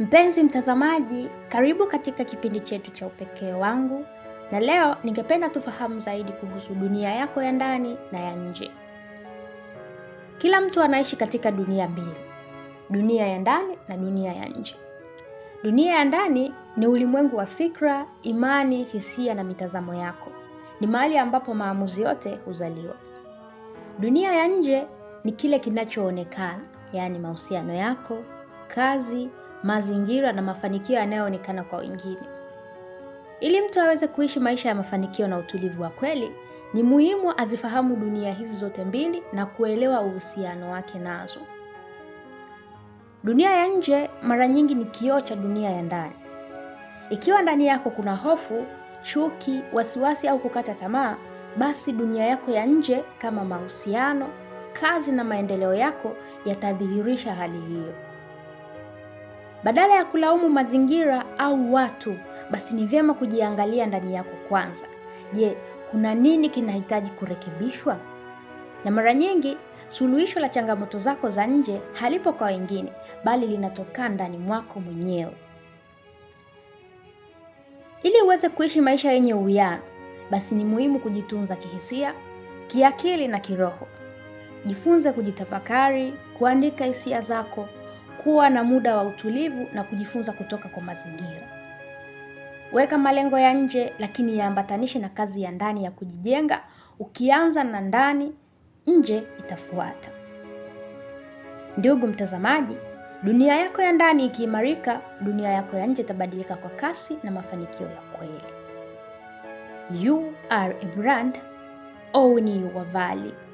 Mpenzi mtazamaji, karibu katika kipindi chetu cha Upekee wangu, na leo ningependa tufahamu zaidi kuhusu dunia yako ya ndani na ya nje. Kila mtu anaishi katika dunia mbili, dunia ya ndani na dunia ya nje. Dunia ya ndani ni ulimwengu wa fikra, imani, hisia na mitazamo yako. Ni mahali ambapo maamuzi yote huzaliwa. Dunia ya nje ni kile kinachoonekana, yaani mahusiano yako, kazi, mazingira na mafanikio yanayoonekana kwa wengine. Ili mtu aweze kuishi maisha ya mafanikio na utulivu wa kweli, ni muhimu azifahamu dunia hizi zote mbili na kuelewa uhusiano wake nazo. Dunia ya nje mara nyingi ni kioo cha dunia ya ndani. Ikiwa ndani yako kuna hofu, chuki, wasiwasi au kukata tamaa, basi dunia yako ya nje kama mahusiano, kazi na maendeleo yako yatadhihirisha hali hiyo. Badala ya kulaumu mazingira au watu, basi ni vyema kujiangalia ndani yako kwanza. Je, kuna nini kinahitaji kurekebishwa? Na mara nyingi suluhisho la changamoto zako za nje halipo kwa wengine, bali linatoka ndani mwako mwenyewe. Ili uweze kuishi maisha yenye uwiano, basi ni muhimu kujitunza kihisia, kiakili na kiroho. Jifunze kujitafakari, kuandika hisia zako kuwa na muda wa utulivu na kujifunza kutoka kwa mazingira. Weka malengo ya nje lakini yaambatanishe na kazi ya ndani ya kujijenga. Ukianza na ndani, nje itafuata. Ndugu mtazamaji, dunia yako ya ndani ikiimarika, dunia yako ya nje itabadilika kwa kasi na mafanikio ya kweli. You are a brand, own your value.